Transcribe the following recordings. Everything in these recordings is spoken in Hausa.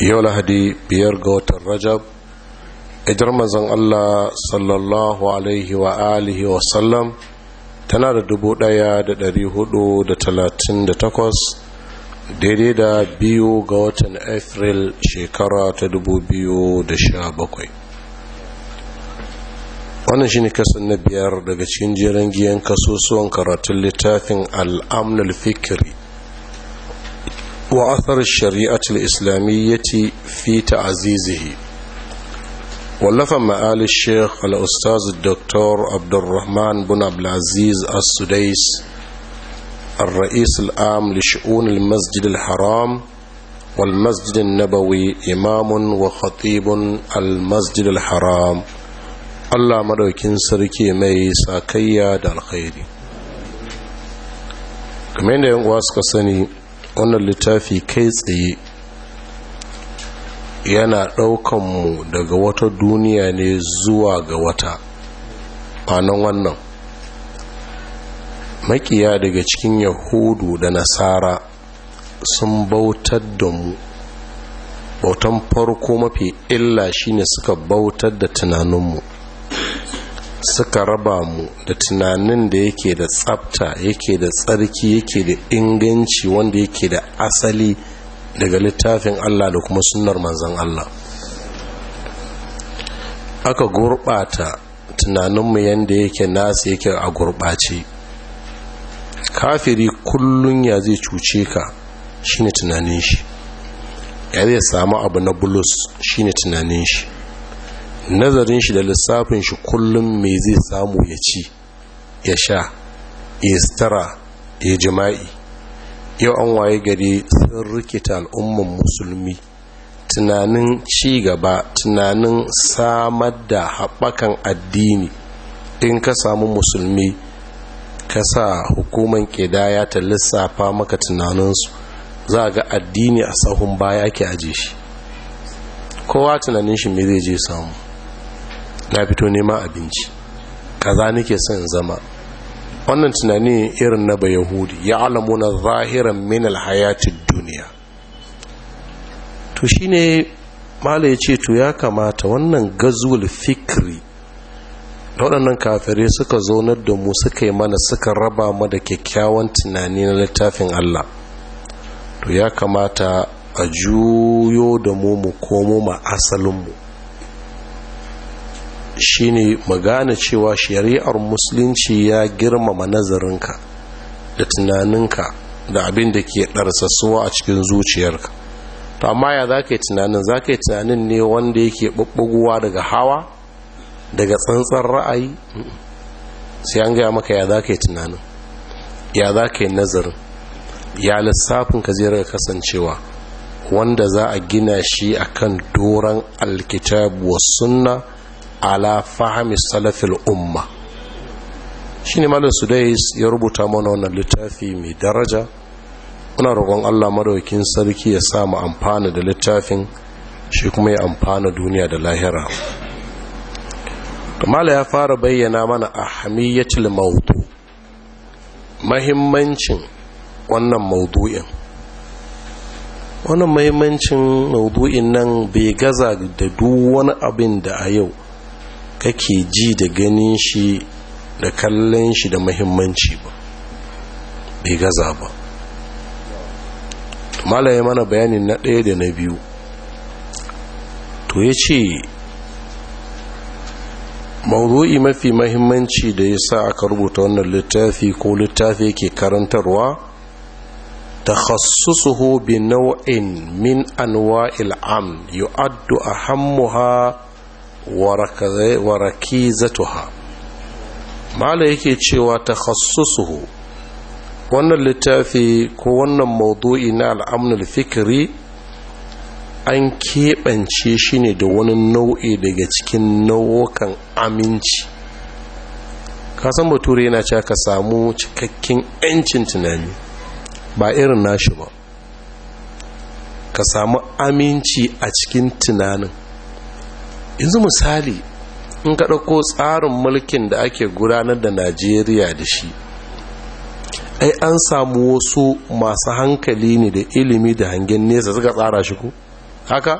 yau lahadi biyar ga watan rajab ijar mazan allah sallallahu alaihi wa alihi wa sallam tana da dubu daya da dari hudu da talatin da takwas daidai da biyu ga watan april shekara ta dubu biyu da sha bakwai wannan shine kasan na biyar daga cikin jiran giyan kasusuwan karatun littafin al'amnul fikiri وأثر الشريعة الإسلامية في تعزيزه ولف مآل الشيخ الأستاذ الدكتور عبد الرحمن بن عبد العزيز السديس الرئيس العام لشؤون المسجد الحرام والمسجد النبوي إمام وخطيب المسجد الحرام الله مدوكين سركي مي ساكيا دالخيري كمين كمان يوم واسك سني wannan littafi kai tsaye yana mu daga wata duniya ne zuwa ga wata kwanan wannan makiya daga cikin yahudu da nasara sun bautar da mu bautan farko mafi illa shine suka bautar da tunaninmu suka raba mu da tunanin da yake da tsafta yake da tsarki yake da inganci wanda yake da asali daga littafin Allah da kuma sunnar manzan Allah aka gurɓata tunaninmu yadda yake nasu yake a gurɓace kafiri kullum ya zai cuce ka shine tunanin shi ya zai samu abu na bulus shine tunanin shi nazarin shi da lissafin shi kullum me zai samu ya ci ya sha ya stara ya jima'i yau an waye gari sun rikita al'umman musulmi tunanin ci gaba tunanin samar da haɓakan addini in ka samu musulmi ka sa hukuman ƙidaya ta lissafa maka tunaninsu za ga addini a sahun baya ke aje shi kowa tunanin shi me zai je samu na fito nema abinci kaza nake son zama wannan tunani irin na ba yahudi ya alamuna zahiran minal alhayatid duniya to shine mala ce to ya kamata wannan gazul fikri waɗannan kafirai suka zo da mu suka yi mana suka raba mu da kyakkyawan tunani na littafin Allah to ya kamata a juyo da mu mu komo ma asalinmu mu shine magana cewa shari'ar musulunci ya girmama nazarinka da tunaninka da abin da ke ɗarsasuwa a cikin zuciyarka to amma ya za ka yi tunanin za ka yi tunanin ne wanda yake ɓaɓɓaguwa daga hawa daga tsantsar ra'ayi sai an gaya maka ya za ka yi tunanin ya za ka yi nazarin ya lissafin ka zira kasancewa wanda za a gina shi akan doron alkitab wa sunna ala fahimi salafil umma shi ne malar sudais ya rubuta mana wannan littafi mai daraja Kuna roƙon allah madaukin sarki ya samu amfana da littafin shi kuma ya amfana duniya da lahira kamala ya fara bayyana mana a hamiyyacin mautu mahimmancin wannan maudu'in wannan mahimmancin maudu'in nan bai gaza da duk wani abin da a yau kake ji da ganin shi da kallon shi da mahimmanci ba bai gaza ba malaye mana bayanin na ɗaya da na biyu to ya ce maudu'i mafi mahimmanci da ya sa aka rubuta wannan littafi ko littafi ke karantarwa تخصصه بنوع من أنواع الأمن يعد أهمها wa rakizatuha mala yake cewa takhassusuhu wannan littafi ko wannan maudu'i na al'amnul fikiri an keɓance shi ne da wani nau'i daga cikin nau'ukan aminci kasan bature yana cewa ka samu cikakken 'yancin tunani ba irin nashi ba ka samu aminci a cikin tunanin yanzu misali in ka ɗauko tsarin mulkin da ake gudanar da najeriya da shi ai an samu wasu masu hankali ne da ilimi da hangen nesa suka tsara shi ko haka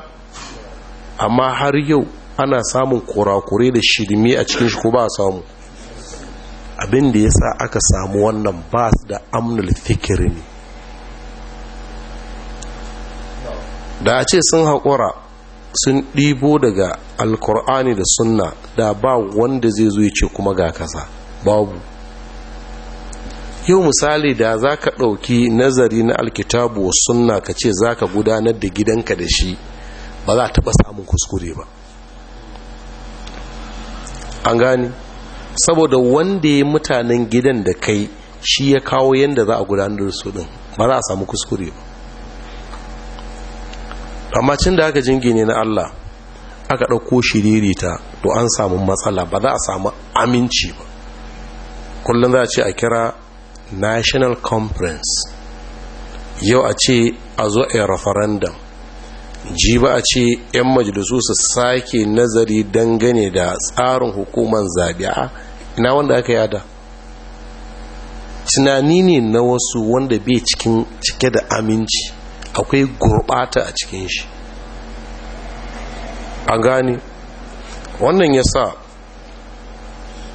amma har yau ana samun kurakure da shirme a cikin shi ko ba samu abin da ya sa aka samu wannan ba su da amnul fikiri ne da a ce sun haƙura sun ɗibo daga alkur'ani da sunna da ba wanda zai zo ya ce kuma ga kasa babu yau misali da za ka ɗauki nazari na alkitabu wa sunna ka ce za ka gudanar da gidanka da shi ba za a taɓa samun kuskure ba an gani saboda wanda ya mutanen gidan da kai shi ya kawo yadda za a gudanar da su ɗin ba za a samu kuskure ba amma cin da aka jingine na Allah aka ɗauko shiririta to an samu matsala ba za a samu aminci ba kullum za a ce a kira national conference yau a ce a zo a referendum ji ba a ce 'yan majalisu su sake nazari dangane da tsarin hukumar zaɓe ina wanda aka yada tunani ne na wasu wanda bai cike da aminci akwai gurɓata a cikin shi A gane wannan ya sa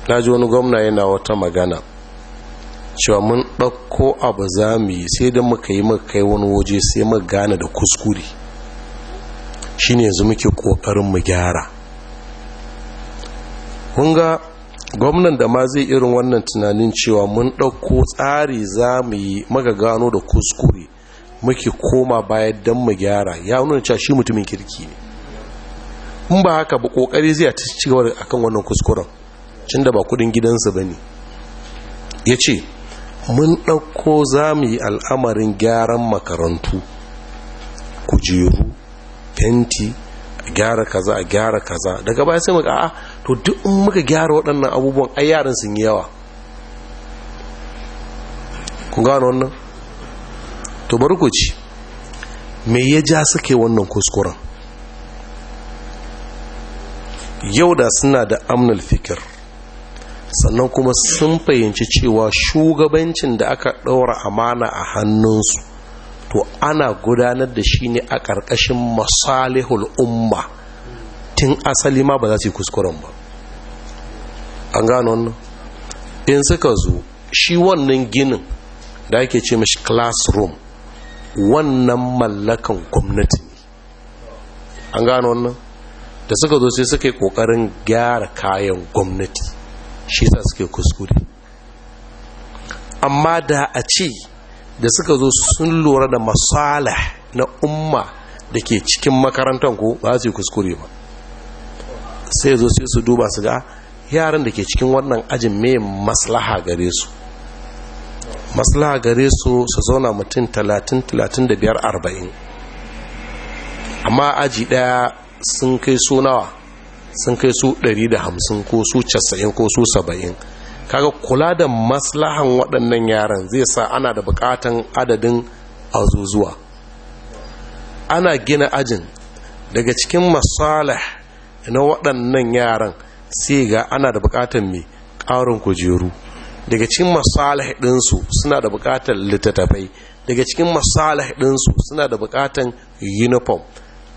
na ji wani gwamna yana wata magana cewa mun ɗauko abu za mu yi sai da muka yi maka kai wani waje sai muka gane da kuskure shine yanzu muke ƙoƙarin mu gyara ga gwamnan da ma zai irin wannan tunanin cewa mun ɗauko tsari za mu yi muka gano da kuskure muke koma bayan don mu gyara ya nuna cewa shi mutumin kirki ne in ba haka ba kokari zai ta ci gaba akan wannan kuskuren cin da ba kudin gidansa ba ne ya ce mun ɗauko za mu yi al'amarin gyaran makarantu kujeru fenti a gyara kaza gyara kaza daga baya sai muka a'a to duk in muka gyara waɗannan abubuwan ai yaran sun yi yawa kun gano wannan to bari ku ci me ya ja suke wannan kuskuren yau da suna da amnal fikir sannan kuma sun fahimci cewa shugabancin da aka ɗaura amana a hannunsu to ana gudanar da shi ne a ƙarƙashin masalihul umma tun asali ma ba za su yi kuskuren ba an gano wannan in suka zo shi wannan ginin da ake ce mashi classroom wannan mallakan gwamnati an gano wannan da suka zo sai suka yi kokarin gyara kayan gwamnati shi sa suke kuskure amma da a ce da suka zo sun lura da masala na umma da ke cikin makarantar ko ba su yi kuskure ba sai zo sai su duba su ga yaran da ke cikin wannan ajin mai maslaha gare su maslaha gare su su zauna mutum 30 35 40 amma aji daya sun kai su nawa sun kai su 150 ko su 90 ko su 70 kaga kula da maslahan waɗannan yaran zai sa ana da buƙatan adadin azuzuwa ana gina ajin daga cikin masalah na waɗannan yaran sai ga ana da buƙatan mai ƙarin kujeru daga cikin masalah ɗinsu suna da buƙatan littattafai daga cikin masalah ɗinsu suna da buƙatan uniform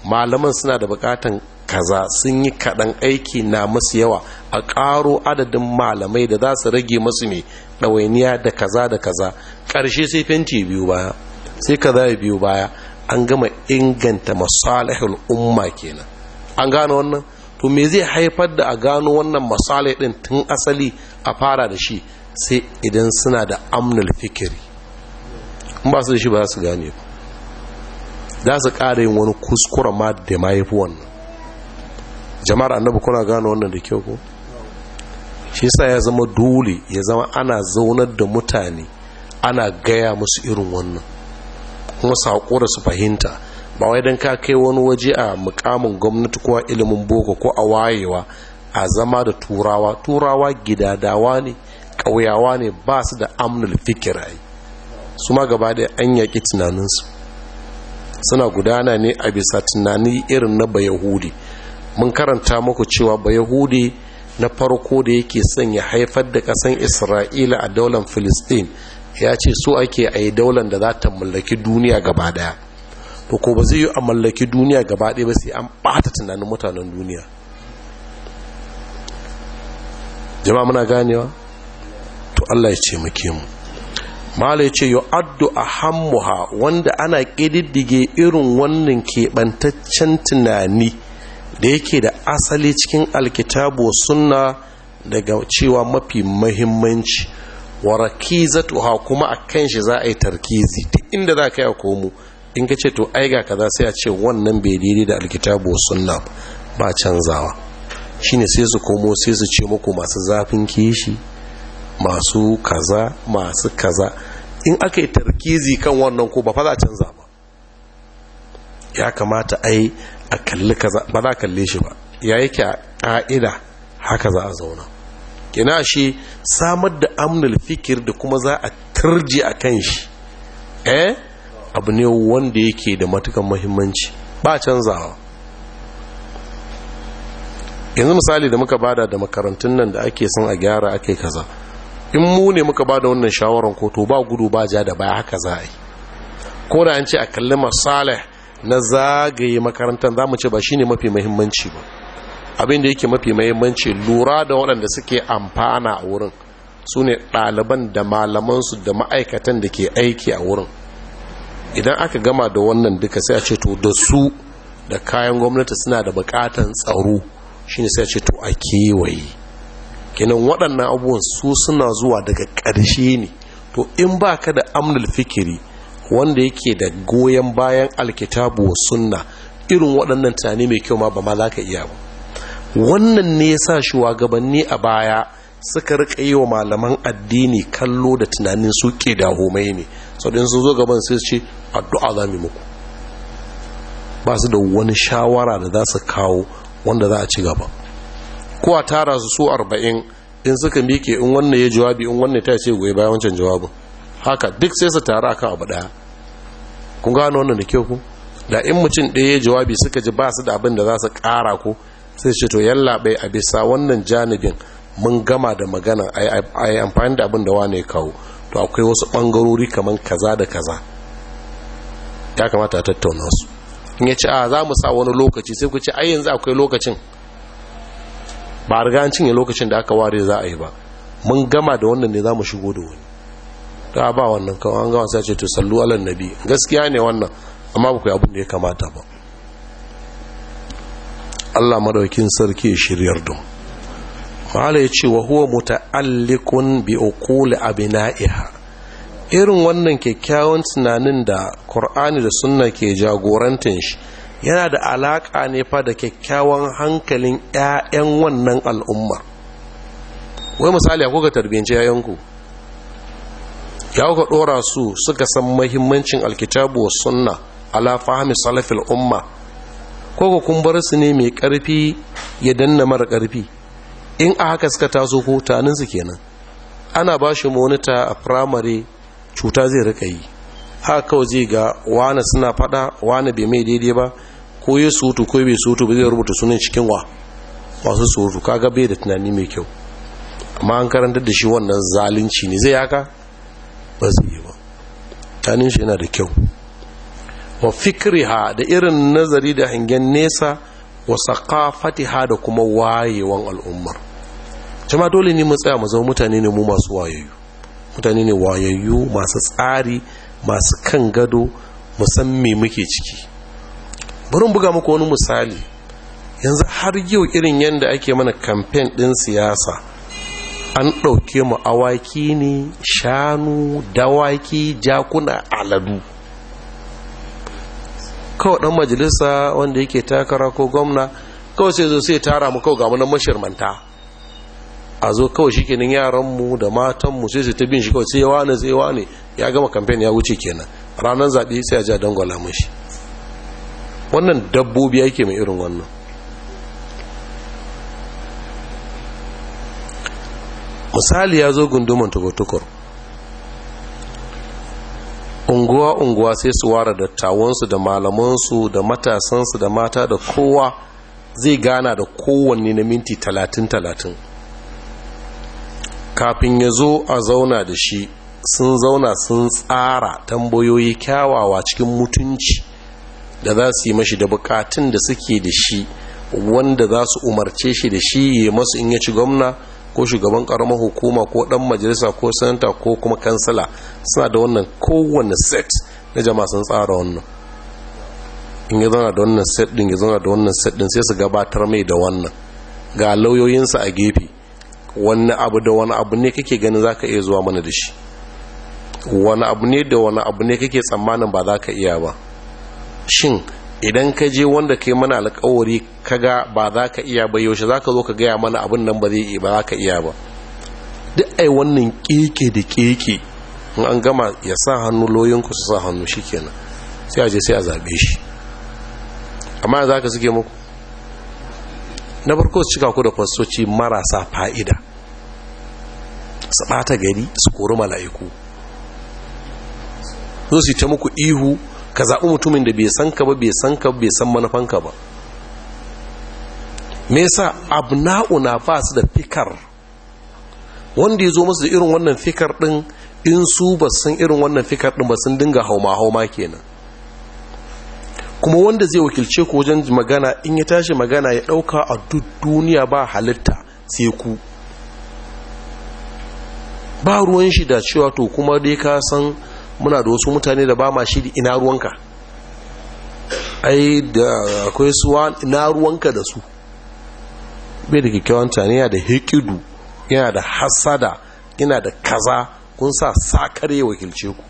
malaman suna da bukatan kaza sun yi kaɗan aiki na masu yawa a ƙaro adadin malamai da za su rage masu ne ɗawainiya da kaza da kaza ƙarshe sai fenti biyu baya sai kaza ya biyu baya an gama inganta masalihul umma kenan an gano wannan to me zai haifar da a gano wannan masalih din tun asali a fara da shi sai idan suna da amnul fikiri in ba su da shi ba su gane ba za su ƙara yin wani kuskuren ma da ma wannan jama'ar annabi kuna gano wannan da kyau ko shi sa ya zama dole ya zama ana zaunar da mutane ana gaya musu irin wannan kuma saƙo da su fahimta ba wai don ka kai wani waje a mukamin gwamnati ko ilimin boko ko a wayewa a zama da turawa turawa gidadawa ne ƙauyawa ne ba su da amnul fikirai su ma gaba da an yaƙi tunaninsu suna gudana ne a bisa tunani irin na bayahudi mun karanta muku cewa bayahudi na farko da yake son ya haifar da kasan isra'ila a daular filistin ya ce so ake a yi daular da za ta mallaki duniya gaba daya to ko ba zai yi a mallaki duniya gaba daya ba sai an bata tunanin mutanen duniya jama'a muna ganewa to allah ya ce mu mala ya ce yu'addu hammuha wanda ana ƙididdige irin wannan keɓantaccen tunani da yake da asali cikin alkitabu sunna daga cewa mafi mahimmanci wa rakizatuha kuma a kan shi za a yi tarkizi ta inda za ka yi a komo in ka ce to ai ga kaza sai a ce wannan bai daidai da alkitabu sunna ba canzawa shine sai su komo sai su ce muku masu zafin kishi masu kaza masu kaza in aka tarkizi kan wannan ko ba fa za canza ba ya kamata ai a kalli kaza ba za kalle shi ba ya yake a ƙa'ida haka za a zauna kina shi samar da amnul fikir da kuma za a turji a kan shi eh abu ne wanda yake da matukan mahimmanci ba canzawa yanzu misali da muka bada da makarantun nan da ake son a gyara ake kaza in mu ne muka ba da wannan shawarar kotu ba gudu ba ja da baya haka za a yi ko da an ce a kalli masalih na zagaye makarantar za mu ce ba shi ne mafi mahimmanci ba abin da yake mafi mahimmanci lura da waɗanda suke amfana a wurin su ne ɗaliban da malamansu da ma'aikatan da ke aiki a wurin idan aka gama da wannan duka sai a ce to da su da kayan gwamnati suna da bukatan tsaro shi ne sai a ce to a kewaye kenan waɗannan abubuwan su suna zuwa daga ƙarshe ne to in ba ka da amnul fikiri wanda yake da goyon bayan alkitabu wa sunna irin waɗannan tunani mai kyau ma ba ma za ka iya ba wannan ne ya sa shugabanni a baya suka rika yi wa malaman addini kallo da tunanin suke ke da homai ne sau da sun zo gaban sai ce addu'a za mu muku ba su da wani shawara da za su kawo wanda za a ci gaba ko a tara su su arba'in in suka miƙe in wannan ya jawabi in wannan ta ce goye bayan wancan jawabin haka duk sai su taru akan abu daya kun gano wannan da kyau ku da in mutum ɗaya ya jawabi suka ji ba su da abin da za su ƙara ku sai ce to yalla bai a bisa wannan janibin mun gama da magana a yi amfani da abin da wane kawo to akwai wasu ɓangarori kamar kaza da kaza ya kamata a tattauna su in ya ce a za mu sa wani lokaci sai ku ce ai yanzu akwai lokacin ba a riga an cinye lokacin da aka ware za a yi ba mun gama da wannan ne za mu shigo da wani ta ba wannan kawai an gama sa ce to sallu alan nabi gaskiya ne wannan amma ba ku abin da ya kamata ba Allah madaukin sarki shiryar dum mala ya ce wa huwa muta'alliqun bi uqul irin wannan kyakkyawan tunanin da Qur'ani da Sunna ke jagorantin shi yana da alaƙa ne fa da kyakkyawan hankalin 'ya'yan wannan al'ummar wai misali a kuka tarbiyyanci 'ya'yanku ya kuka ɗora su suka san mahimmancin alkitabu wa sunna ala fahimi salafil umma ko kun bar su ne mai ƙarfi ya danna mara ƙarfi in a haka suka taso ko kenan ana ba shi monita a firamare cuta zai rika yi haka kawai zai ga wani suna fada wani bai mai daidai ba ko ya sutu ko bai sutu ba zai rubuta sunan cikin wa masu sutu kaga bai da tunani mai kyau amma an karanta da shi wannan zalunci ne zai haka ba zai yi ba tanin shi yana da kyau wa fikriha da irin nazari da hangen nesa wa ha da kuma wayewan al'ummar jama dole ne mu tsaya mu zama mutane ne mu masu wayayyu mutane ne wayayyu masu tsari masu kan gado musamman muke ciki burin buga muku wani misali yanzu har yau irin yadda ake mana kamfen ɗin siyasa an ɗauke mu awaki ne shanu dawaki jakuna aladu kawai ɗan majalisa wanda yake takara ko gwamna kawai sai zo sai tara mu kawai ga mashirmanta a zo kawai shi kenan yaranmu da matanmu sai su ta bin shi kawai sai wane sai wane ya gama kamfen ya wuce kenan ranar zaɓe sai a ja a dangwala mashi wannan dabbobi yake mai irin wannan misali ya zo gunduman tukur unguwa-unguwa sai su ware dattawansu da malamansu da matasansu da mata da kowa zai gana da kowanne na minti talatin-talatin kafin ya zo a zauna da shi sun zauna sun tsara tambayoyi kyawawa cikin mutunci da za su yi mashi da bukatun da suke da shi wanda za su umarce shi da shi ya masu in ya ci gwamna ko shugaban karamar hukuma ko dan majalisa ko sanata ko kuma kansala suna da wannan kowane set na jama'a sun tsara wannan in ya zauna da wannan set din ya zauna da wannan set din sai su gabatar mai da wannan ga lauyoyinsa a gefe wani abu da wani abu ne kake ganin zaka iya zuwa mana da shi wani abu ne da wani abu ne kake tsammanin ba za ka iya ba shin idan ka je wanda yi mana alkawari kaga ba za ka iya ba yaushe za ka zo ka gaya mana abin nan ba zai ba za ka iya ba duk ai wannan keke da keke in an gama ya sa hannu loyinku su sa hannu shi kenan, sai a je sai a zabe shi amma za ka suke muku na farko su cika ku da fasoci marasa fa'ida su ɓata gari su kori mala'iku zo su ta muku ihu ka zaɓi mutumin da bai san ka ba bai san ka bai san ka ba me yasa na ba su da fikar wanda ya zo musu da irin wannan fikar ɗin in su ba san irin wannan fikar ɗin ba sun dinga hauma hauma kenan kuma wanda zai wakilce ku wajen magana in ya tashi magana ya ɗauka a duk duniya ba halitta sai ku ba ruwan shi da cewa to kuma dai ka san muna da wasu mutane da ba ma shiri ina ruwanka ai da akwai su ina ruwanka da su bai da kyakkyawan tani yana da hikidu yana da hasada yana da kaza kun sa sakar ya wakilce ku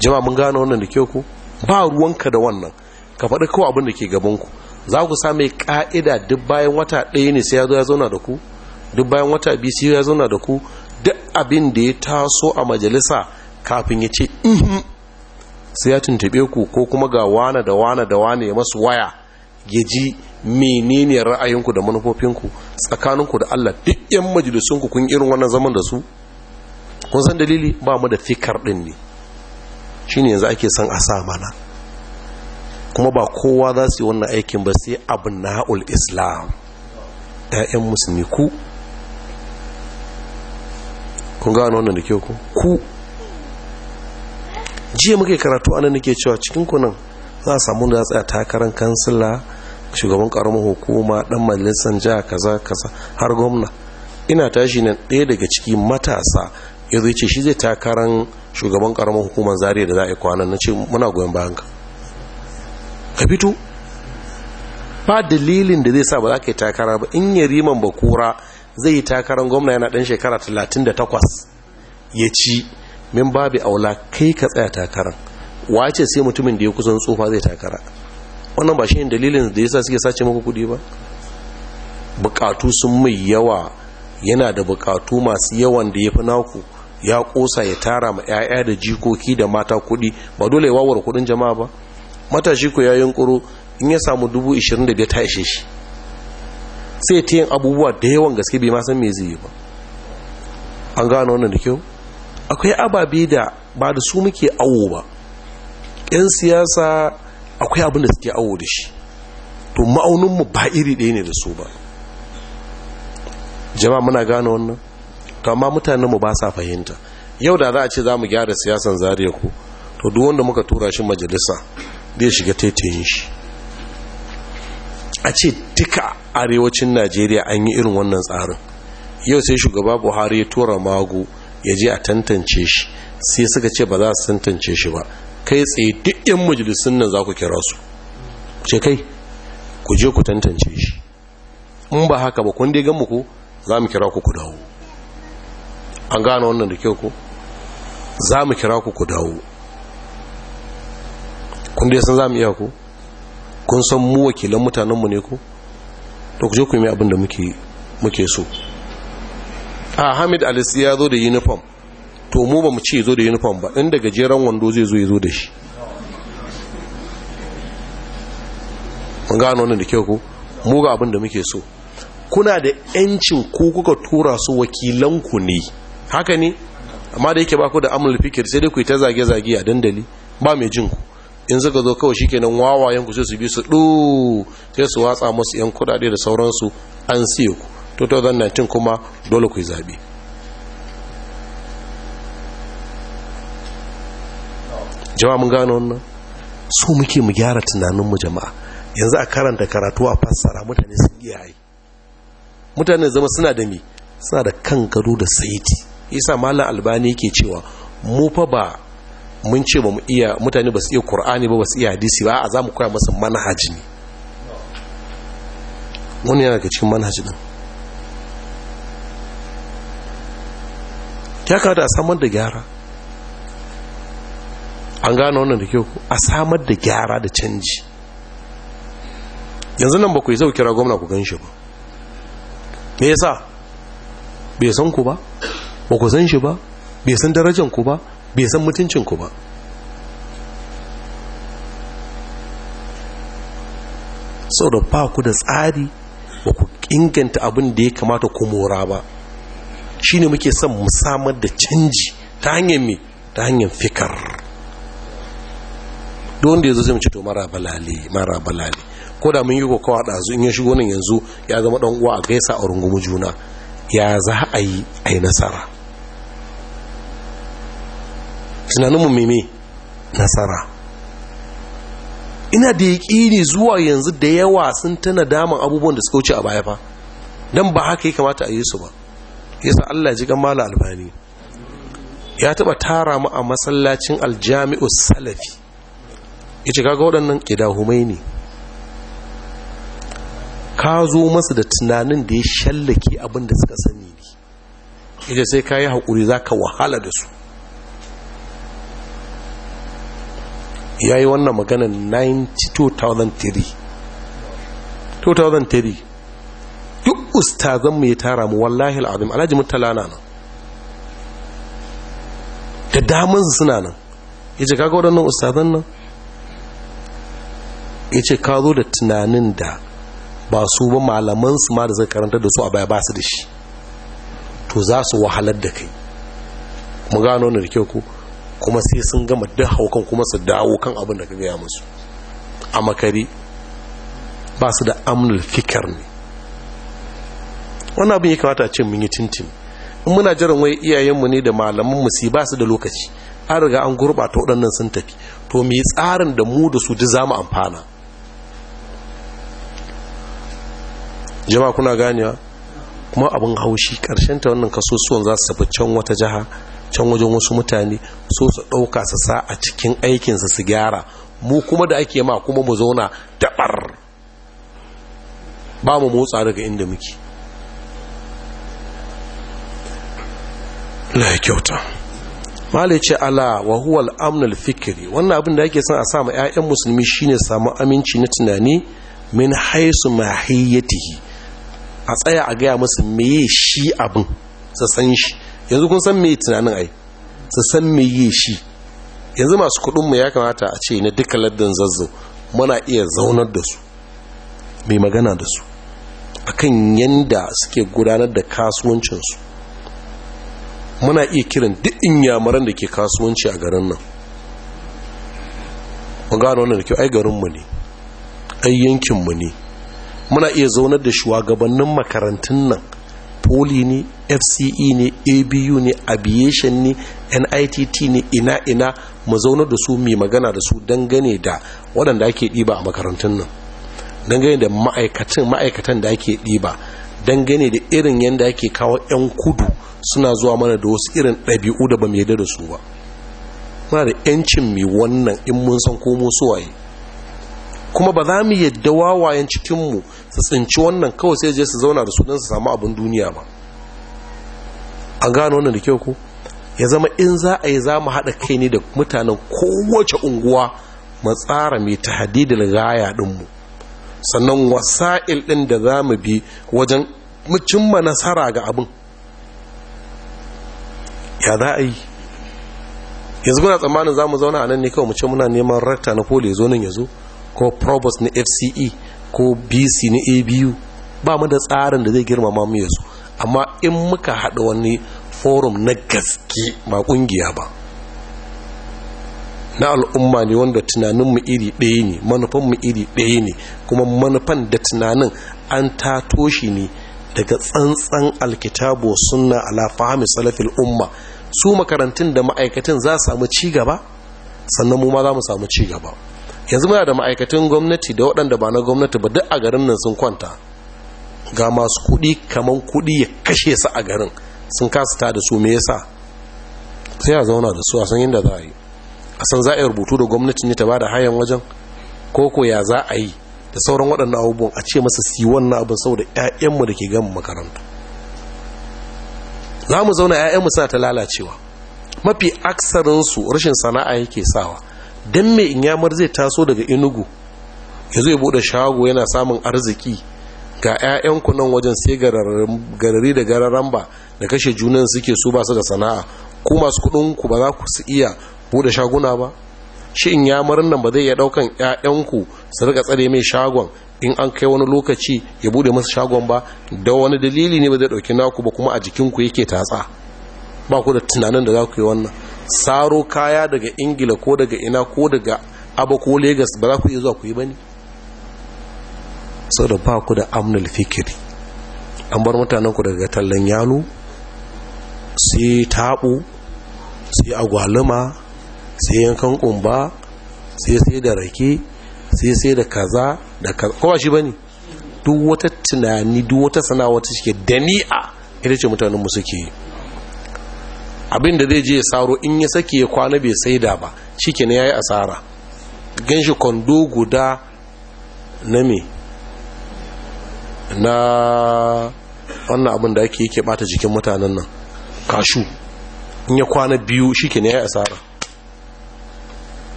Jama mun gano wannan da kyau ku ba ruwanka da wannan ka faɗi kawai abin da ke gabanku za ku sa mai ƙa'ida duk bayan wata ɗaya ne sai ya zo ya zauna da ku duk bayan wata biyu sai ya zauna da ku duk abin da ya taso a majalisa kafin ya ce ihun mhm, sai ya tuntube ku ko kuma ga wana da wane da wane ya masu waya ya ji menene ra'ayinku da manufofinku tsakaninku da Allah duk yan majalisunku kun irin wannan zaman da su kun san dalili ba mu da fikar din ne shine yanzu ake san a sa mana kuma ba kowa za su yi wannan aikin ba sai abu na'ul islam 'ya'yan musulmi ku kun gano wannan da kyau ku ku jiya muka karatu anan nake cewa cikin ku nan za a samu da tsaya takarar kansila shugaban karamar hukuma dan majalisar jiha kaza kaza har gwamna ina tashi nan ɗaya daga ciki matasa ya zai ce shi zai takaran shugaban karamar hukumar zariya da za a yi kwanan na ce muna goyon bayan ka ka fito ba dalilin da zai sa ba za ka yi takara ba in yi riman bakura zai yi takarar gwamna yana ɗan shekara 38 ya ci min babi aula kai ka tsaya takarar wace sai mutumin da ya kusan tsufa zai takara wannan ba shi dalilin da yasa suke sace maka kuɗi ba bukatu sun mai yawa yana da bukatu masu yawan da ya fi naku ya kosa ya tara ma 'ya'ya da jikoki da mata kuɗi ba dole ya wawar kuɗin jama'a ba matashi ku ya yunkuru in ya samu dubu 25 ta ishe shi sai ta yin abubuwa da yawan gaske bai ma san zai yi ba an gano wannan da kyau akwai ababe da ba da su muke awo ba yan siyasa akwai abin da suke awo da shi to ma'auninmu ba iri ɗaya ne da su ba jama'a muna gano wannan to amma mutanenmu ba sa fahimta yau da za a ce za mu gyara siyasan zariya ku to duk wanda muka tura shi majalisa zai shiga taitayin shi a ce duka arewacin najeriya an yi irin wannan tsarin yau sai shugaba buhari ya tura mago ya je a tantance shi sai suka ce ba za su tantance shi ba kai tsaye duk 'yan majalisun nan za ku kira su ce kai ku je ku tantance shi in ba haka ba kun dai gan muku za mu kira ku ku dawo an gane wannan da kyau ko za mu kira ku ku dawo kun dai san za mu iya ku kun san mu wakilan mutanenmu ne ku to ku je ku yi mai abin da muke so a hamid alisi ya zo da uniform to mu ba mu ce zo da uniform ba inda gajeren wando zai zo ya zo da shi mun gano wannan da kyau ku mu ga abin da muke so kuna da yancin ku kuka tura su wakilanku ne haka ne amma da yake ba ku da amul fikir sai dai ku yi ta zage-zage a dandali ba mai jinku in suka zo kawai shi shikenan wawayen ku sai su bi su du sai su watsa musu yan kudade da sauransu an siye ku 2019 kuma dole ku yi zabe jama'a gano wannan su muke mu gyara tunaninmu jama'a yanzu a karanta karatu a fassara mutane sun iya mutane zama suna da mi suna da kan gado da saiti yasa malam albani yake cewa mu fa ba mun ce ba mu iya mutane ba su iya Kur'ani ba ba su iya hadisi ba a za mu koya masa manhaji ne wani yana ga cikin manhaji din ya kawo a samar da gyara an gane wannan da ke ku a samar da gyara da canji yanzu nan ba ku yi zau kira gwamna ku gan shi ba me yasa bai san ku ba ba ku san shi ba bai san darajan ku ba bai san mutuncinku ba sau da ba ku da tsari ba ku inganta abin da ya kamata ku mora ba shi ne muke son mu da canji ta hanyar mai ta hanyar fikar don da ya zo zai mace to mara balale mara balale ko da mun yi kokawa ɗazu in ya shigo nan yanzu ya zama ɗan uwa a gaisa a rungumu juna ya za a yi a yi nasara tunanin mu meme nasara ina da yaƙini zuwa yanzu da yawa sun tana daman abubuwan da suka wuce a baya fa dan ba haka ya kamata a yi su ba yasa Allah ji gan mala albani ya taɓa tara mu a masallacin aljami'u salafi ya kaga waɗannan ƙidahumai ne ka zo masa da tunanin da ya shallake abin da suka sani ne yace sai ka yi zaka za wahala da su ya yi wannan magana 2003 2003 duk ustazanmu ya tara mu wallahi al'adun alhaji mutala na nan da damansu suna nan ya ce kaga waɗannan ustazan nan ya ce ka zo da tunanin da ba su ba malamansu ma da zai karanta da su a baya ba su da shi to za su wahalar da kai mu gano na da kyau ko kuma sai sun gama duk haukan kuma su dawo kan abin da ka gaya musu a makari ba su da amnul fikar ne wani abin ya kamata ce mun yi tintin in muna jiran wai iyayenmu ne da malaman musu ba su da lokaci an riga an gurɓata waɗannan sun tafi to mai tsarin da mu da su duk za mu amfana jama'a kuna ganewa kuma abin haushi ƙarshen ta wannan kasosuwan za su sabi can wata jiha can wajen wasu mutane so su ɗauka su sa a cikin aikinsa su gyara mu kuma da ake ma kuma mu zauna daɓar ba mu motsa daga inda muke la kyauta malai ce ala wa huwa fikiri wannan abin da ake son a sa ma 'ya'yan musulmi shine samu aminci na tunani min haisu mahiyatihi a tsaya a gaya musu meye shi abin su san shi yanzu kun san me tunanin ai su san me yi shi yanzu masu kudin mu ya kamata a ce na duka laddin zazzau muna iya zaunar da su mai magana da su akan yanda suke gudanar da kasuwancinsu muna iya kiran duk in inyamuran da ke kasuwanci a garin nan mun gano wannan da kyau ai garinmu ne ai yankinmu ne muna iya zaunar da shugabannin makarantun nan poli ne fce ne abu ne aviation ne nitt ne ina ina mu zauna da su mai magana da su dangane da waɗanda ake ɗiba a makarantun nan dangane da ma'aikatan ma'aikatan da ake ɗiba dangane da irin yadda ake kawo 'yan kudu suna zuwa mana da wasu irin ɗabi'u da ba mai da su ba muna da 'yancin mai wannan in mun san komo suwaye kuma ba za mu yadda wawayen cikinmu su tsinci wannan kawai sai je su zauna da su don su samu abin duniya ba an gano wannan da kyau ku ya zama in za a yi za mu haɗa kai ne da mutanen kowace unguwa mu tsara mai ta hadidin gaya ɗinmu sannan wasa'il ɗin da za mu bi wajen mucin ma nasara ga abin ya za a yi yanzu muna tsammanin za mu zauna a nan ne kawai mu muna neman rakta na pole zo nan ya zo ko probus na fce ko bc na abu ba mu da tsarin da zai girmama mu yasu amma in muka haɗa wani forum na gaske ba ƙungiya ba na al'umma ne wanda tunaninmu iri ɗaya ne manufanmu iri ɗaya ne kuma manufan da tunanin an tato shi ne daga tsantsan alkitabu sunna ala fahimi salafil umma su makarantun da ma'aikatan za su samu cigaba sannan mu ma za mu samu cigaba yanzu muna da ma'aikatan gwamnati da waɗanda ba na gwamnati ba duk a garin nan sun kwanta ga masu kuɗi kamar kuɗi ya kashe su a garin sun kasa ta da su me yasa sai a zauna da su a san yadda za a yi a san za a yi rubutu da gwamnati ne ta ba da hayan wajen ko ya za a yi da sauran waɗannan abubuwan a ce masa si wannan abin saboda 'ya'yanmu da ke gama makaranta za mu zauna 'ya'yanmu suna ta lalacewa mafi aksarinsu rashin sana'a yake sawa don mai inyamar zai taso daga inugu ya zai bude shago yana samun arziki ga 'ya'yanku nan wajen sai garari da gararan ba da kashe junan suke su ba su da sana'a ku masu ku ba za ku su iya bude shaguna ba shi inyamar nan ba zai iya daukan 'ya'yanku su rika tsare mai shagon in an kai wani lokaci ya bude masa shagon ba da wani dalili ne ba zai dauki naku ba kuma a jikinku yake tatsa ba ku da tunanin da za ku yi wannan saro kaya daga ingila ko daga ina ko daga abu ko Legas ba za ku iya zuwa ku yi ba ne sau da ba ku da amnal fikiri an bar mutanen ku daga tallan yalo sai taɓo sai agwaluma sai yankan ƙumba sai sai da rake sai sai da kaza da kaza kowa shi ba ne duk wata tunani duk wata sana wata shi ke dami'a ita ce mutanen mutanenmu suke yi abin da zai je ya saro in ya sake ya kwana bai sai da ba shi ke ya yi asara gan shi kwando guda na me na wannan abin da ake yake bata jikin mutanen nan kashu in ya kwana biyu shi ke ya yi asara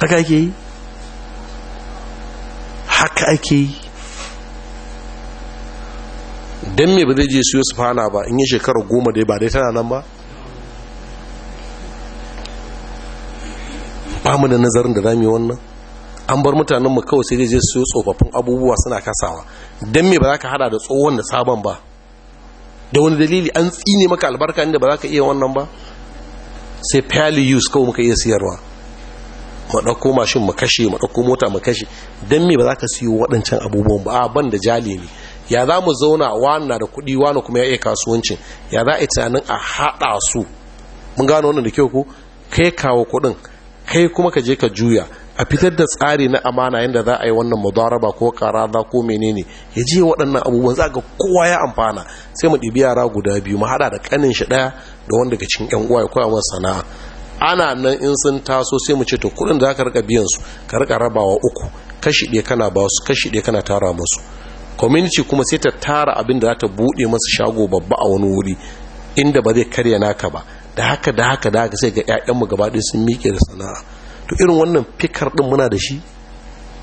haka ake yi haka ake yi don me ba zai je su yi su fana ba in yi shekarar goma dai ba dai tana nan ba ba mu da nazarin da zamu yi wannan an bar mutanen mu kawai sai dai je su tsofaffin abubuwa suna kasawa dan me ba za ka hada da tsohon da sabon ba da wani dalili an tsine maka albarka inda ba za ka iya wannan ba sai fairly use kawai muka iya siyarwa mu ɗauko mashin mu kashe mu ɗauko mota mu kashe Dan me ba za ka siyo waɗancan abubuwan ba a ban da jali ne ya za mu zauna wani da kuɗi wani kuma ya iya kasuwancin ya za a yi tunanin a haɗa su mun gano wannan da kyau ko kai kawo kuɗin kai kuma ka je ka juya a fitar da tsari na amana yadda za a yi wannan mudaraba ko za ko menene ya je waɗannan abubuwan za ga kowa ya amfana sai mu ɗibi yara guda biyu mu haɗa da ƙanin shi ɗaya da wanda ga cikin ƴan uwa ya koya masa sana'a ana nan in sun taso sai mu ce to kuɗin da ka riƙa biyan su ka riƙa rabawa uku kashi ɗaya kana ba su kashi ɗaya kana tara musu community kuma sai ta tara abin da za ta buɗe masu shago babba a wani wuri inda ba zai karya naka ba da haka da haka da haka sai ga 'ya'yanmu gaba ɗaya sun miƙe da sana'a to irin wannan fikar ɗin muna da shi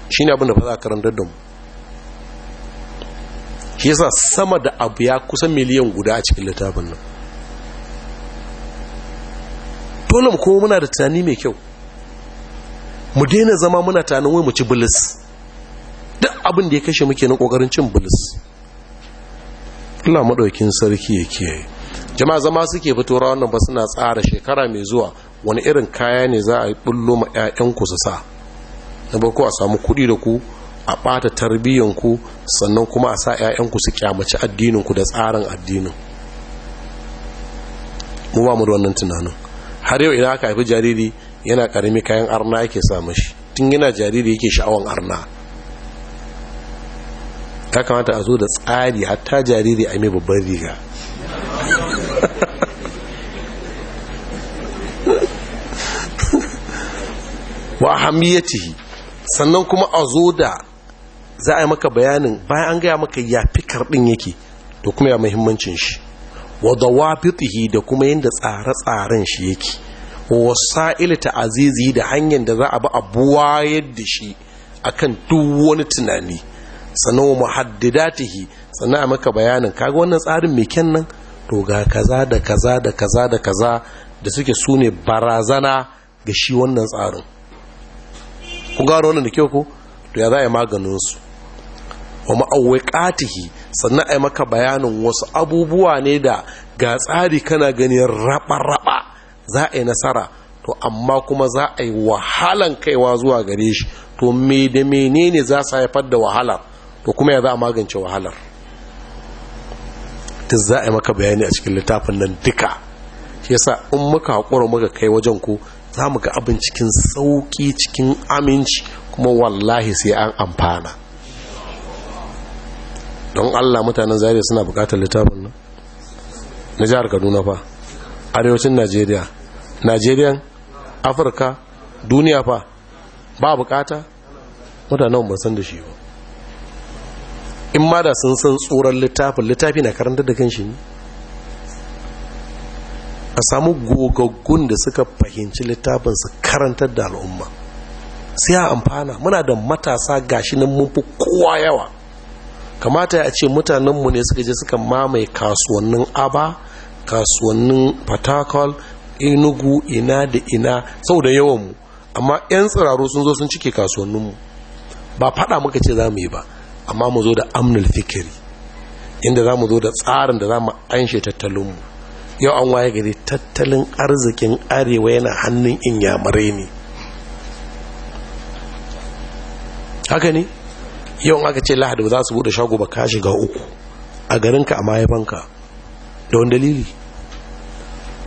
shi ne abin da za a karantar da mu shi yasa sama da abu ya kusan miliyan guda a cikin littafin nan dole mu kuma muna da tunani mai kyau mu daina zama muna tunanin wai mu ci bilis duk abin da ya kashe muke na ƙoƙarin cin bilis Allah maɗaukin sarki ya kiyaye jama'a zama suke fitowa wannan ba suna tsara shekara mai zuwa wani irin kaya ne za a yi bullo ma 'ya'yanku su sa na bako a samu kuɗi da ku a ɓata tarbiyyanku sannan kuma a sa 'ya'yanku su kyamaci addininku da tsarin addinin mu ba mu da wannan tunanin har yau idan aka haifi jariri yana karami kayan arna yake sa mashi tun yana jariri yake sha'awan arna ya kamata a zo da tsari hatta jariri a mai babban riga wa ahamiyatihi sannan kuma a zo da za a yi maka bayanin bayan an gaya maka ya fi karɓin yake da kuma ya muhimmancin shi wa dawabitihi da kuma yadda tsare-tsaren shi yake wa ta yi da hanyar da za a bi a buwayar da shi akan duk wani tunani sannan wa muhaddidatihi sannan a maka bayanin kaga wannan tsarin mai kyan nan to ga kaza da kaza da kaza da kaza da suke sune barazana ga shi wannan tsarin ku gano wannan da kyau ko to ya za a yi maganinsu wa ma'awwaƙatihi sannan a yi maka bayanin wasu abubuwa ne da ga tsari kana ganin raɓa-raɓa za a yi nasara to amma kuma za a yi wahalan kaiwa zuwa gare shi to me da menene za su haifar da wahalar to kuma ya za a magance wahalar duk za a yi maka bayani a cikin littafin nan duka shi yasa in muka haƙura muka kai wajen ku za mu ga abin cikin sauƙi cikin aminci kuma wallahi sai an amfana don allah mutanen zariya suna bukatar littafin nan na jihar kaduna fa arewacin najeriya Najeriya, afirka duniya fa ba bukata mutanen ba san da shi ba in ma da sun san tsoron littafin littafi na karanta da kan shi ne a samu gogaggun da suka fahimci littafin su karantar da al'umma sai a amfana muna da matasa gashi nan mun fi kowa yawa kamata ya ce mutanenmu ne suka je suka mamaye kasuwannin aba kasuwannin patakol inugu ina da ina sau da yawanmu amma 'yan tsiraru sun zo sun cike kasuwanninmu ba fada muka ce za mu yi ba amma mu zo da amnul fikiri inda za mu zo da tsarin da za mu anshe tattalinmu yau an waye gari tattalin arzikin arewa yana hannun inyamurai ne haka ne yau aka ce lahadi za su bude shago ba ka shiga uku a garinka a mahaifanka da wani dalili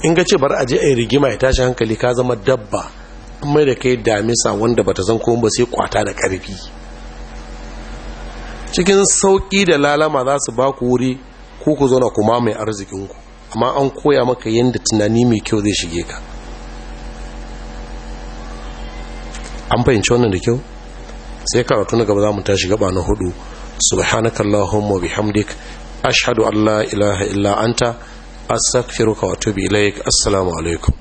in ga ce bar aje a rigima ya tashi hankali ka zama dabba mai da kai damisa wanda bata zan komai ba sai kwata da karfi cikin sauki da lalama za su ba ku wuri ko ku zo na kuma mai arzikinku amma an koya maka yadda tunani mai kyau zai shige ka an fahimci wannan da kyau sai karatu na gaba za mu tashi gaba na hudu subhanakallahumma bihamdik ashhadu an la ilaha illa anta astaghfiruka wa atubu ilaik assalamu alaikum